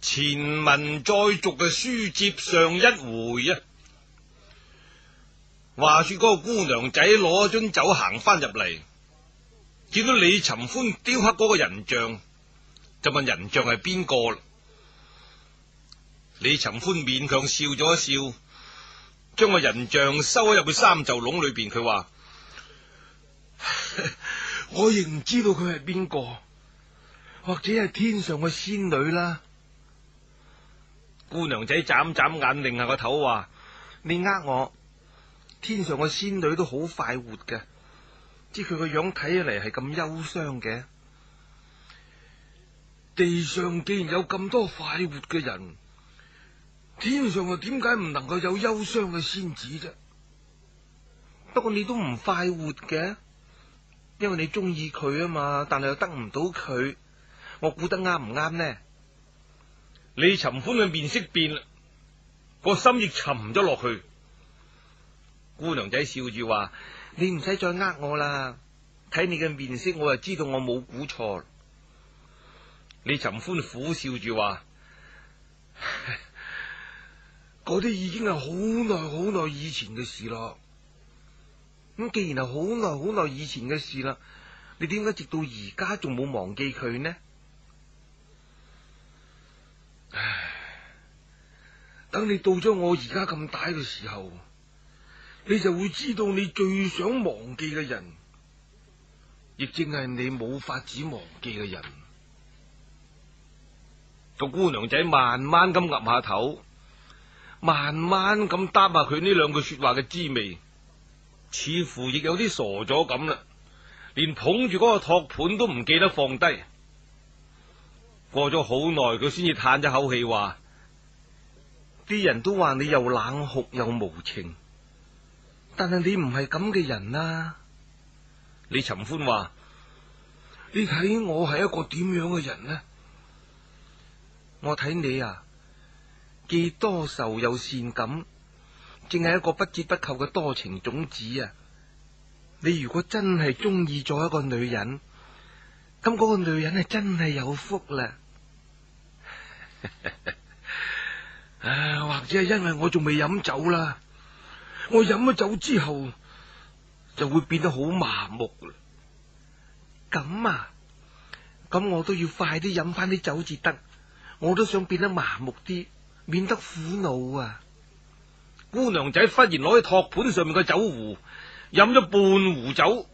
前文再續嘅書接上一回啊，話說嗰個姑娘仔攞樽酒行翻入嚟，見到李尋歡雕刻嗰個人像，就問人像係邊個。李尋歡勉強笑咗一笑，將個人像收喺入去三袖籠裏邊。佢話： 我亦唔知道佢係邊個，或者係天上嘅仙女啦。姑娘仔眨眨眼，擰下個頭話：你呃我？天上個仙女都好快活嘅，知佢個樣睇起嚟係咁憂傷嘅。地上既然有咁多快活嘅人，天上又點解唔能夠有憂傷嘅仙子啫？不過你都唔快活嘅，因為你中意佢啊嘛，但係又得唔到佢，我估得啱唔啱呢？李尋歡嘅面色變啦，個心亦沉咗落去。姑娘仔笑住話：你唔使再呃我啦，睇你嘅面色，我就知道我冇估錯。李尋歡苦笑住話：嗰 啲已經係好耐好耐以前嘅事咯。咁既然係好耐好耐以前嘅事啦，你點解直到而家仲冇忘記佢呢？等你到咗我而家咁大嘅時候，你就會知道你最想忘記嘅人，亦正係你冇法子忘記嘅人。個 姑娘仔慢慢咁岌下頭，慢慢咁嗒下佢呢兩句說話嘅滋味，似乎亦有啲傻咗咁啦，連捧住個托盤都唔記得放低。過咗好耐，佢先至嘆咗口氣話。啲人都話你又冷酷又無情，但係你唔係咁嘅人啊！李尋歡話：你睇我係一個點樣嘅人呢、啊？我睇你啊，既多愁又善感，淨係一個不折不扣嘅多情種子啊！你如果真係中意咗一個女人，咁嗰個女人係真係有福啦。 誒、啊，或者係因為我仲未飲酒啦，我飲咗酒之後就會變得好麻木啦。咁啊，咁我都要快啲飲翻啲酒至得，我都想變得麻木啲，免得苦惱啊！姑娘仔忽然攞喺托盤上面嘅酒壺，飲咗半壺酒。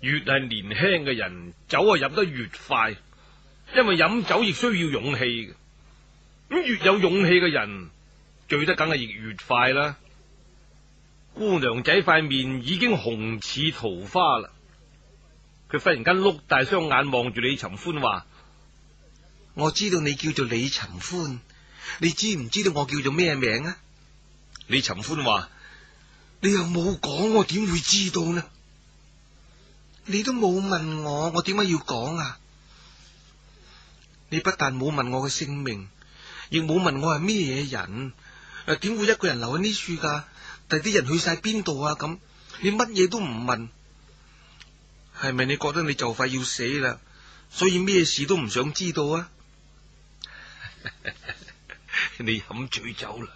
越係年輕嘅人，酒啊飲得越快，因為飲酒亦需要勇氣嘅。咁越有勇氣嘅人，醉得梗係越快啦。姑娘仔塊面已經紅似桃花啦，佢忽然間碌大雙眼望住李尋歡話：我知道你叫做李尋歡，你知唔知道我叫做咩名啊？李尋歡話：你又冇講，我點會知道呢？你都冇問我，我點解要講啊？你不但冇問我嘅姓名。」亦冇問我係咩嘢人，誒、啊、點會一個人留喺呢處噶？第啲人去晒邊度啊？咁你乜嘢都唔問，係咪你覺得你就快要死啦？所以咩事都唔想知道啊？ 你飲醉酒啦，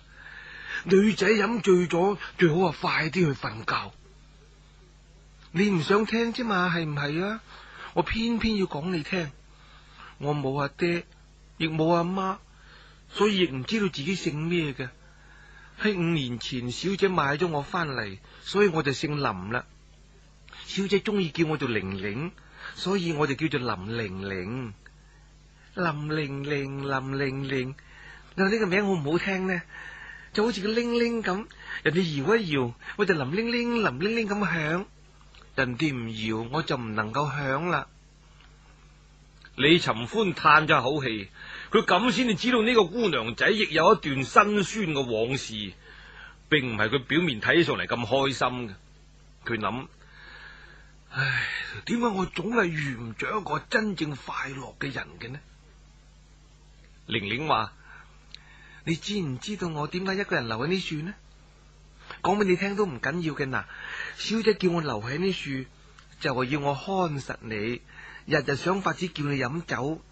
女仔飲醉咗最好啊，快啲去瞓覺。你唔想聽啫嘛？係唔係啊？我偏偏要講你聽。我冇阿爹，亦冇阿媽。所以亦唔知道自己姓咩嘅。喺五年前，小姐買咗我翻嚟，所以我就姓林啦。小姐中意叫我做玲玲，所以我就叫做林玲玲。林玲玲，林玲玲，嗱呢個名好唔好聽呢？就好似個鈴鈴咁，人哋搖一搖，我就林鈴鈴，林鈴鈴咁響。人哋唔搖，我就唔能夠響啦。李尋歡嘆咗口氣。佢咁先至知道呢個姑娘仔亦有一段辛酸嘅往事，並唔係佢表面睇上嚟咁開心嘅。佢諗：唉，點解我總係遇唔着一個真正快樂嘅人嘅呢？玲玲話：你知唔知道我點解一個人留喺呢樹呢？講俾你聽都唔緊要嘅。嗱，小姐叫我留喺呢樹，就係要我看實你，日日想法子叫你飲酒。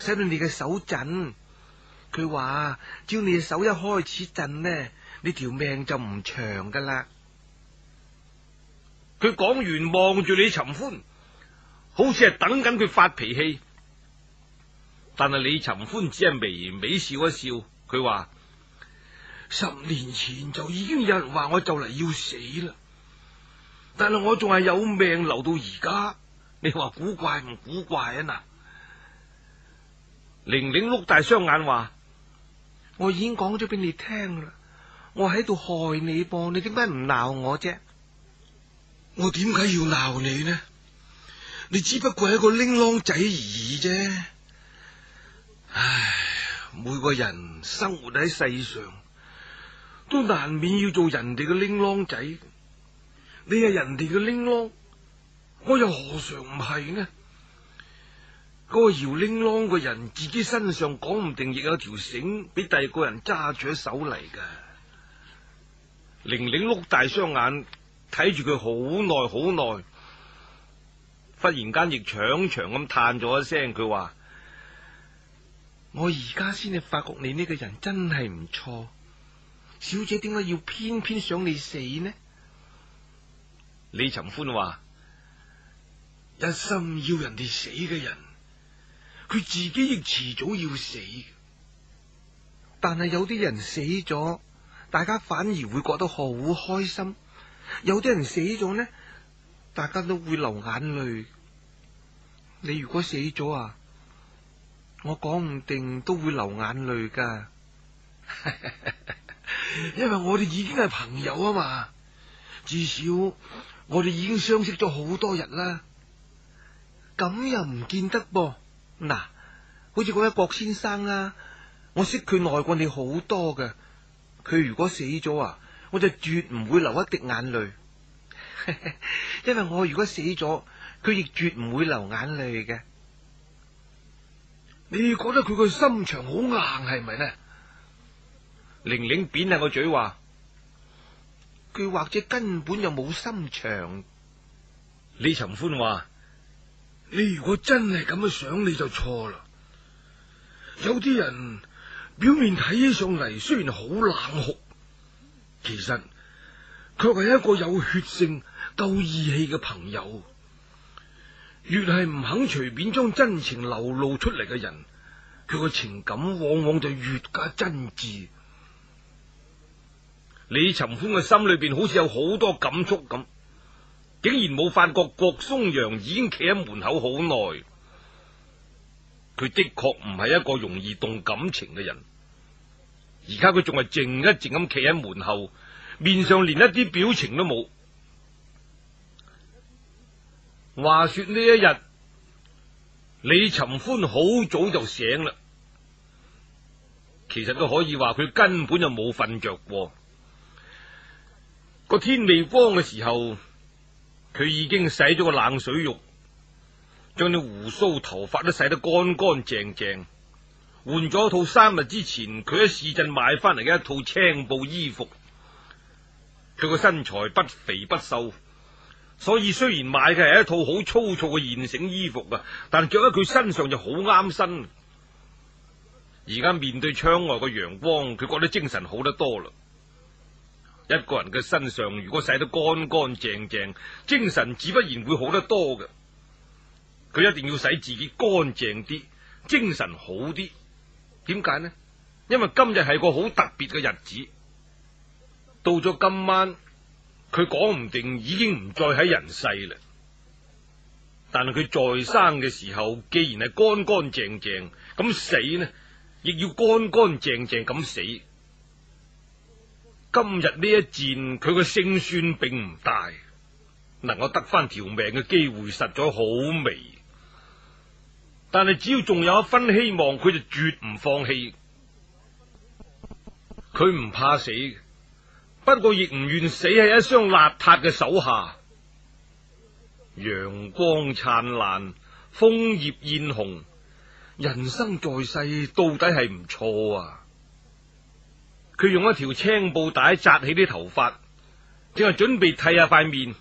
使到你嘅手震，佢話，只要你嘅手一開始震呢，你條命就唔長噶啦。佢講完望住李尋歡，好似係等緊佢發脾氣。但係李尋歡只係微微笑一笑，佢話，十年前就已經有人話我就嚟要死啦，但係我仲係有命留到而家，你話古怪唔古怪啊？嗱。玲玲碌大雙眼話：我已經講咗俾你聽啦，我喺度害你噃，你點解唔鬧我啫？我點解要鬧你呢？你只不過係一個鈴鐺仔而已啫。唉，每個人生活喺世上，都難免要做人哋嘅鈴鐺仔。你係人哋嘅鈴鐺，我又何嘗唔係呢？個搖鈴啷個人自己身上，講唔定亦有條繩俾第二個人揸住手嚟噶，玲玲碌大雙眼睇住佢好耐好耐，忽然間亦長長咁嘆咗一聲，佢話：我而家先至發覺你呢個人真係唔錯，小姐點解要偏偏想你死呢？李尋歡話：一心要人哋死嘅人。佢自己亦遲早要死，但係有啲人死咗，大家反而會覺得好開心；有啲人死咗呢，大家都會流眼淚。你如果死咗啊，我講唔定都會流眼淚噶。 因為我哋已經係朋友啊嘛，至少我哋已經相識咗好多日啦。咁又唔見得噃。嗱，好似嗰位郭先生啦，啊，我識佢耐過你好多嘅。佢如果死咗啊，我就絕唔會流一滴眼淚， 因為我如果死咗，佢亦絕唔會流眼淚嘅。你覺得佢個心腸好硬，係咪咧？玲玲扁下個嘴話，佢或者根本就冇心腸。李尋歡話。你如果真係咁樣想，你就錯啦。有啲人表面睇起上嚟雖然好冷酷，其實佢係一個有血性、夠義氣嘅朋友。越係唔肯隨便將真情流露出嚟嘅人，佢個情感往往就越加真摯。李尋歡嘅心裏邊好似有好多感觸咁。竟然冇發覺郭松陽已經企喺門口好耐，佢的確唔係一個容易動感情嘅人，而家佢仲係靜一靜咁企喺門後，面上連一啲表情都冇。話說呢一日，李尋歡好早就醒啦，其實都可以話佢根本就冇瞓着過，個天未光嘅時候。佢已經洗咗個冷水浴，將啲鬍鬚頭髮都洗得乾乾淨淨，換咗一套三日之前佢喺市鎮買翻嚟嘅一套青布衣服。佢個身材不肥不瘦，所以雖然買嘅係一套好粗糙嘅現成衣服，但着喺佢身上就好啱身。而家面對窗外嘅陽光，佢覺得精神好得多啦。一個人嘅身上如果洗得乾乾淨淨，精神自不然會好得多嘅。佢一定要使自己乾淨啲，精神好啲。點解呢？因為今日係個好特別嘅日子。到咗今晚，佢講唔定已經唔再喺人世啦。但係佢在生嘅時候，既然係乾乾淨淨，咁死呢，亦要乾乾淨淨咁死。今日呢一戰，佢嘅勝算並唔大，能夠得翻條命嘅機會實在好微。但係只要仲有一分希望，佢就絕唔放棄。佢唔怕死，不過亦唔願死喺一雙邋遢嘅手下。陽光燦爛，楓葉艷紅，人生在世到底係唔錯啊！佢用一條青布帶紮起啲頭髮，正係準備剃下塊面。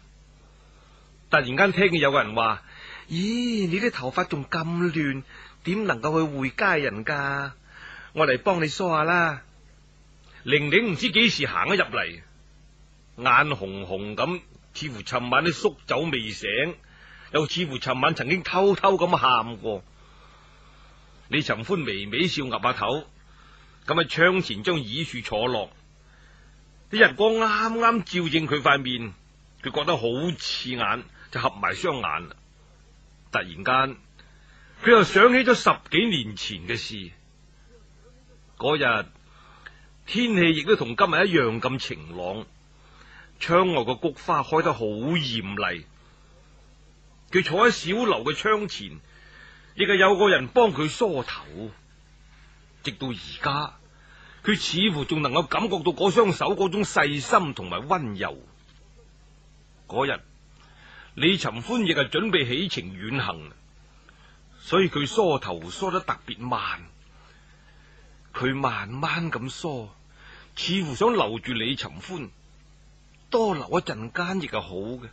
突然間聽見有人話：咦，你啲頭髮仲咁亂，點能夠去會家人噶？我嚟幫你梳下啦。玲玲唔知幾時行咗入嚟，眼紅紅咁，似乎尋晚啲宿酒未醒，又似乎尋晚曾經偷偷咁喊過。李尋歡微微笑，岌下頭。咁喺窗前將椅樹坐落，啲日光啱啱照正佢塊面，佢覺得好刺眼，就合埋雙眼。突然間，佢又想起咗十幾年前嘅事。嗰日天氣亦都同今日一樣咁晴朗，窗外嘅菊花開得好艷麗。佢坐喺小樓嘅窗前，亦係有個人幫佢梳頭，直到而家。佢似乎仲能夠感覺到嗰雙手嗰種細心同埋溫柔。嗰日，李尋歡亦係準備起程遠行，所以佢梳頭梳得特別慢。佢慢慢咁梳，似乎想留住李尋歡，多留一陣間亦係好嘅。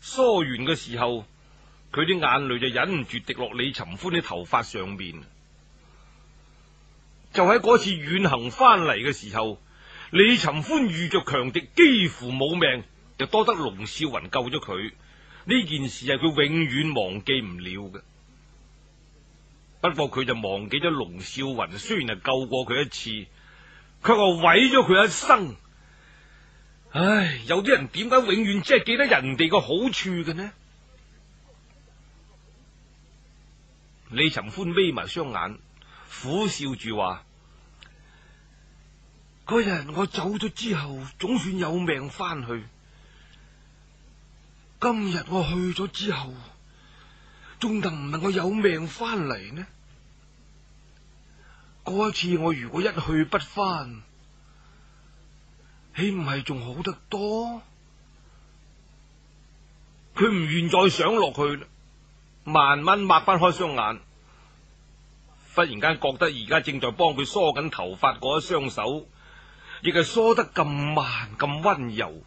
梳完嘅時候，佢啲眼淚就忍唔住滴落李尋歡啲頭髮上面。就喺嗰次遠行翻嚟嘅時候，李尋歡遇着強敵，幾乎冇命，就多得龍少雲救咗佢。呢件事係佢永遠忘記唔了嘅。不過佢就忘記咗龍少雲，雖然係救過佢一次，卻又毀咗佢一生。唉，有啲人點解永遠只係記得人哋嘅好處嘅呢？李尋歡眯埋雙眼，苦笑住話。嗰日我走咗之後總算有命翻去。今日我去咗之後，仲能唔能夠有命翻嚟呢？嗰一次我如果一去不翻，豈唔係仲好得多？佢唔願再想落去，慢慢抹翻開雙眼，忽然間覺得而家正在幫佢梳緊頭髮嗰一雙手。亦係梳得咁慢咁溫柔，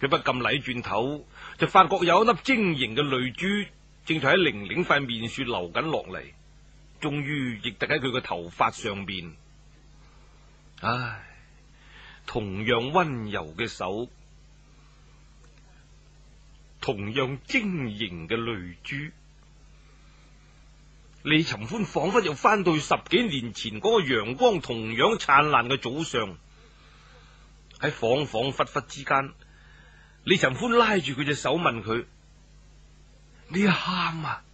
佢不禁擰轉頭，就發覺有一粒晶瑩嘅淚珠正在喺玲玲塊面處，流緊落嚟，終於亦滴喺佢嘅頭髮上邊。唉，同樣溫柔嘅手，同樣晶瑩嘅淚珠。李尋歡仿佛又翻到十幾年前嗰個陽光同樣燦爛嘅早上，喺恍恍惚惚之間，李尋歡拉住佢隻手問佢：你喊啊？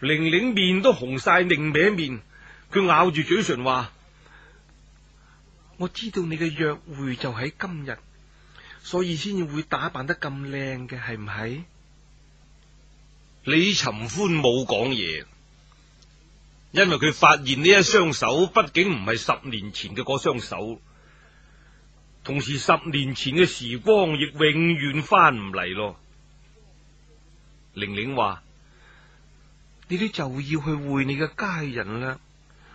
玲玲面都紅晒，擰歪面，佢咬住嘴唇話：我知道你嘅約會就喺今日，所以先至會打扮得咁靚嘅，係唔係？李尋歡冇講嘢。因為佢發現呢一雙手，畢竟唔係十年前嘅嗰雙手，同時十年前嘅時光亦永遠翻唔嚟咯。玲玲話：你都就要去會你嘅家人啦，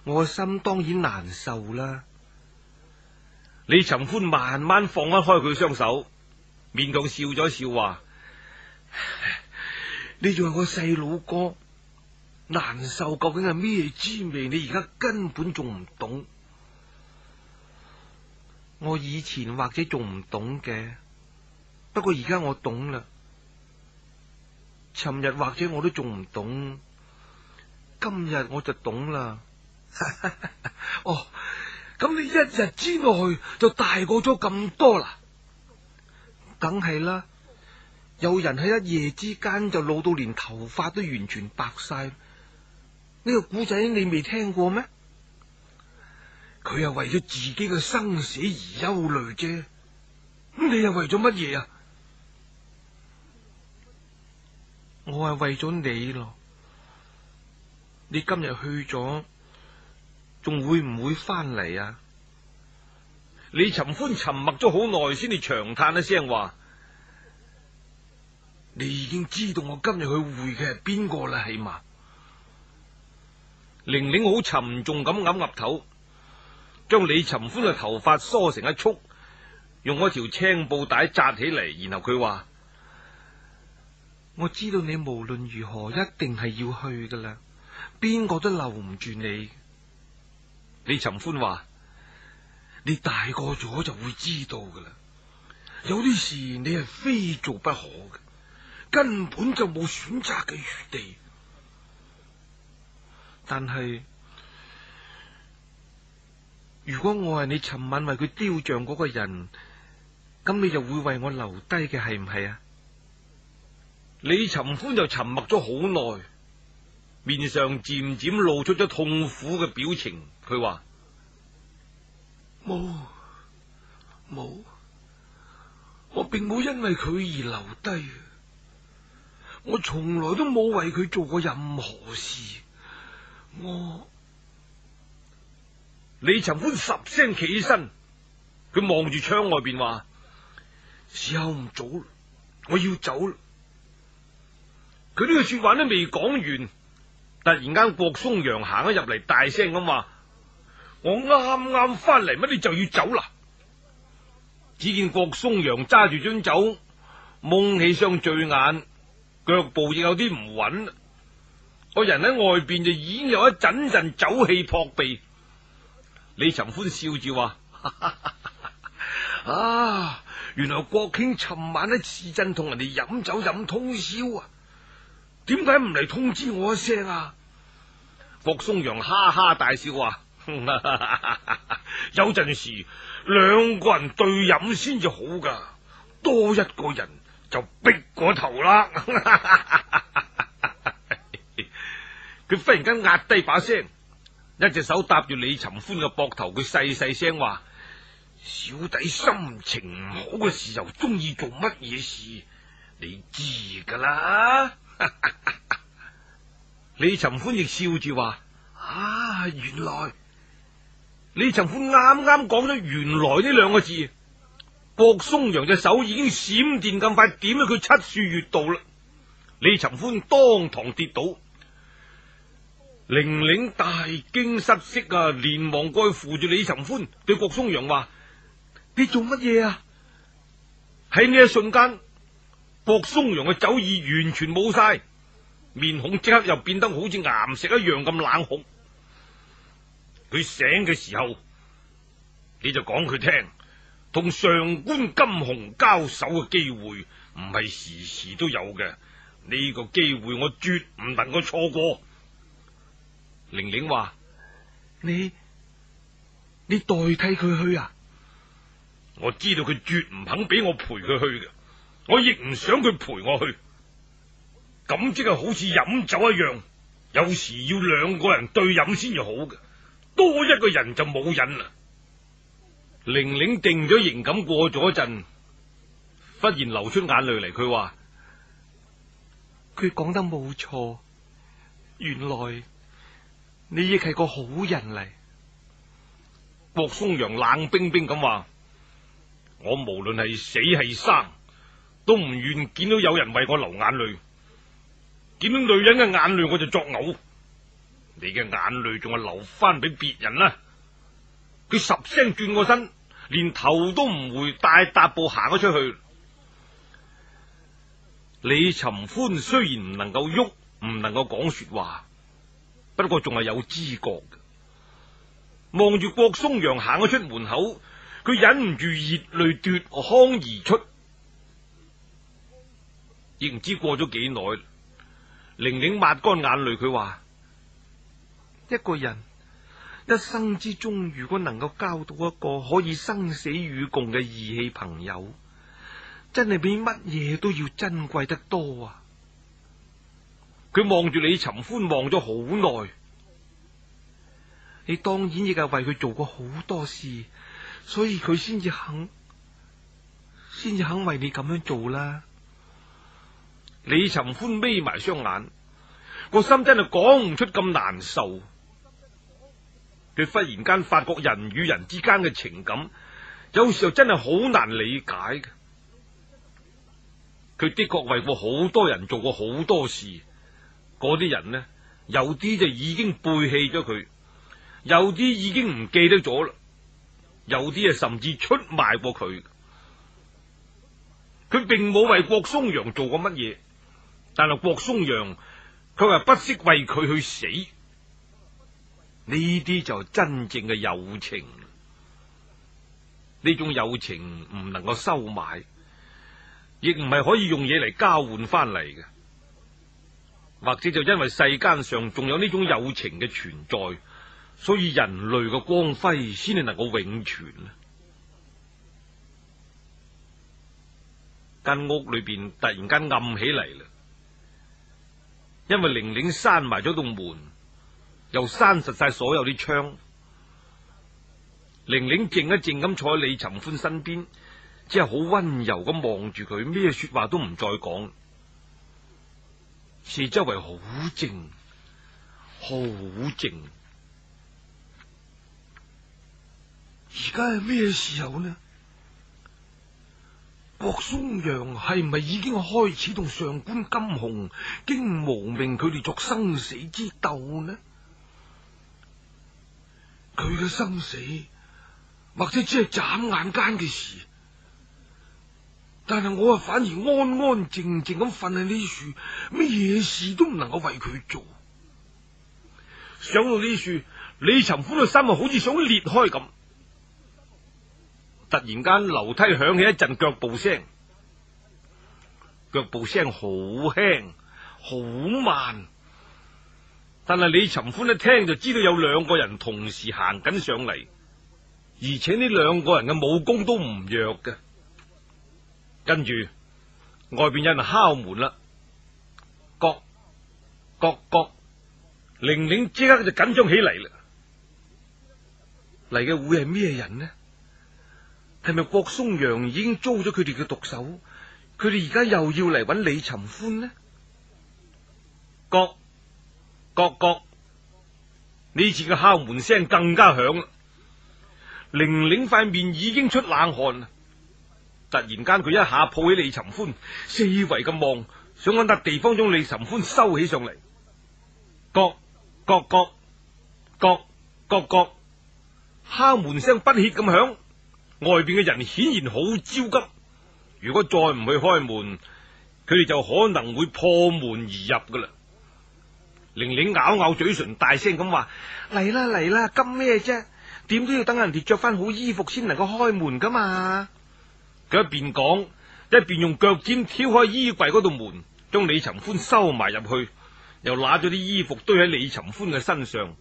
我心當然難受啦。李尋歡慢慢放開開佢雙手，勉強笑咗一笑話：你仲係我細佬哥。難受究竟係咩滋味？你而家根本仲唔懂。我以前或者仲唔懂嘅，不過而家我懂啦。尋日或者我都仲唔懂，今日我就懂啦。 哦，咁你一日之內就大過咗咁多啦？梗係啦！有人喺一夜之間就老到連頭髮都完全白晒。呢個古仔你未聽過咩？佢又為咗自己嘅生死而憂慮啫。咁你又為咗乜嘢啊？我係為咗你咯。你今日去咗，仲會唔會翻嚟啊？李尋歡沉默咗好耐，先至長嘆一聲話：你已經知道我今日去會嘅係邊個啦，係嘛？玲玲好沉重咁岌岌頭，將李尋歡嘅頭髮梳成一束，用嗰條青布帶紮起嚟，然後佢話：我知道你無論如何一定係要去噶啦，邊個都留唔住你。李尋歡話：你大個咗就會知道噶啦，有啲事你係非做不可嘅，根本就冇選擇嘅餘地。但係，如果我係你尋晚為佢雕像嗰個人，咁你就會為我留低嘅，係唔係啊？是是李尋歡就沉默咗好耐，面上漸漸露出咗痛苦嘅表情。佢話：冇冇，我並冇因為佢而留低，我從來都冇為佢做過任何事。我、oh. 李尋歡十聲起身，佢望住窗外邊話：時候唔早，我要走啦。佢呢個說話都未講完，突然間郭松陽行咗入嚟，大聲咁話：我啱啱翻嚟，乜你就要走啦？只見郭松陽揸住樽酒，蒙起雙醉眼，腳步亦有啲唔穩。個人喺外邊就已經有一陣陣酒氣撲鼻，李尋歡笑住話、 啊：原來國卿尋晚喺市鎮同人哋飲酒飲通宵啊，點解唔嚟通知我一聲啊？郭松陽哈哈大笑話： 有陣時兩個人對飲先至好噶，多一個人就逼過頭啦。 佢忽然間壓低把聲，一隻手搭住李尋歡嘅膊頭，佢細細聲話： 小弟心情唔好嘅時候，中意做乜嘢事，你知噶啦。 李尋歡亦笑住話：啊，原來李尋歡啱啱講咗原來呢兩個字，郭松陽隻手已經閃電咁快點咗佢七處穴道啦。李尋歡當堂跌倒。玲玲大驚失色啊！連忙過去扶住李尋歡，對郭松陽話：你做乜嘢啊？喺呢一瞬間，郭松陽嘅酒意完全冇晒，面孔即刻又變得好似岩石一樣咁冷酷。佢醒嘅時候，你就講佢聽，同上官金鴻交手嘅機會唔係時時都有嘅，呢個機會我絕唔能夠錯過。玲玲話：你你代替佢去啊？我知道佢絕唔肯俾我陪佢去嘅，我亦唔想佢陪我去。咁即係好似飲酒一樣，有時要兩個人對飲先至好嘅，多一個人就冇癮啦。玲玲定咗型咁過咗一陣，忽然流出眼淚嚟。佢話：佢講得冇錯，原來。你亦係個好人嚟，郭松陽冷冰冰咁話：我無論係死係生，都唔願見到有人為我流眼淚。見到女人嘅眼淚我就作嘔，你嘅眼淚仲係留翻俾別人啦。佢十聲轉過身，連頭都唔回，大踏步行咗出去。李尋歡雖然唔能夠喐，唔能夠講說話。不過仲係有知覺，望住郭松陽行咗出門口，佢忍唔住熱淚奪眶而出。亦唔知過咗幾耐，玲玲抹乾眼淚，佢話：一個人一生之中，如果能夠交到一個可以生死與共嘅義氣朋友，真係比乜嘢都要珍貴得多啊！佢望住李尋歡望咗好耐，你當然亦係為佢做過好多事，所以佢先至肯，先至肯為你咁樣做啦。李尋歡眯埋雙眼，個心真係講唔出咁難受。佢忽然間發覺人與人之間嘅情感，有時候真係好難理解嘅。佢的確為過好多人做過好多事。嗰啲人呢？有啲就已經背棄咗佢，有啲已經唔記得咗啦，有啲啊甚至出賣過佢。佢並冇為郭嵩陽做過乜嘢，但係郭嵩陽佢係不惜為佢去死。呢啲就真正嘅友情，呢種友情唔能夠收買，亦唔係可以用嘢嚟交換翻嚟嘅。或者就因為世間上仲有呢種友情嘅存在，所以人類嘅光輝先至能夠永存。間屋裏邊突然間暗起嚟啦，因為玲玲閂埋咗棟門，又閂實晒所有啲窗。玲玲靜一靜咁坐喺李尋歡身邊，只係好温柔咁望住佢，咩說話都唔再講。四周圍好靜，好靜。而家係咩時候呢？郭嵩陽係咪已經開始同上官金虹、荊無命佢哋作生死之鬥呢？佢嘅生死，或者只係眨眼間嘅事。但係我啊，反而安安靜靜咁瞓喺呢處。咩事都唔能夠為佢做。上到呢處，李尋歡嘅心啊好似想裂開咁。突然間，樓梯響起一陣腳步聲，腳步聲好輕好慢，但係李尋歡一聽就知道有兩個人同時行緊上嚟，而且呢兩個人嘅武功都唔弱嘅。跟住外邊有人敲門啦。各各各，玲玲即刻就緊張起嚟啦！嚟嘅會係咩人呢？係咪郭松陽已經遭咗佢哋嘅毒手？佢哋而家又要嚟揾李尋歡呢？各各各，呢次嘅敲門聲更加響啦！玲玲塊面已經出冷汗啦！突然間佢一下抱起李尋歡，四圍咁望。想揾笪地方將李尋歡收起上嚟，各各各各各敲門聲不歇咁響，外邊嘅人顯然好焦急。如果再唔去開門，佢哋就可能會破門而入噶啦。玲玲咬咬咬嘴唇，大聲咁話：嚟啦嚟啦，急咩啫？點都要等人哋着翻好衣服先能夠開門噶嘛。佢一邊講。一邊用腳尖挑開衣櫃嗰度門，將李尋歡收埋入去，又攞咗啲衣服堆喺李尋歡嘅身上。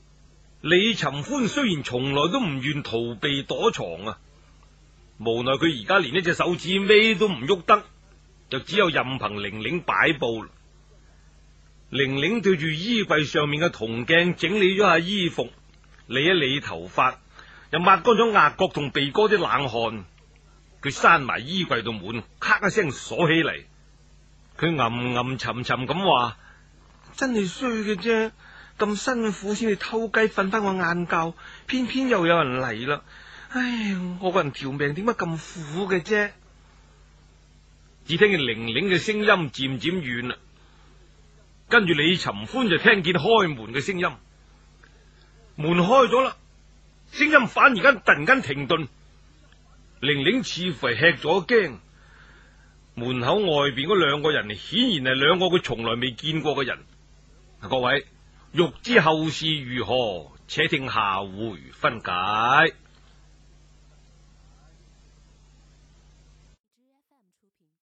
李尋歡雖然從來都唔願逃避躲藏啊，無奈佢而家連一隻手指尾都唔喐得，就只有任憑玲玲擺佈。玲玲對住衣櫃上面嘅銅鏡整理咗下衣服，理一理頭髮，又抹乾咗額角同鼻哥啲冷汗。佢閂埋衣櫃度門，咔一聲鎖起嚟。佢吟吟沉沉咁話：真係衰嘅啫，咁辛苦先至偷雞，瞓翻個晏覺，偏偏又有人嚟啦。唉，我個人條命點解咁苦嘅啫？只聽見玲玲嘅聲音漸漸遠啦，跟住李尋歡就聽見開門嘅聲音，門開咗啦，聲音反而間突然間停頓。玲玲似乎係吃咗驚，門口外邊嗰兩個人顯然係兩個佢從來未見過嘅人。各位欲知後事如何，且聽下回分解。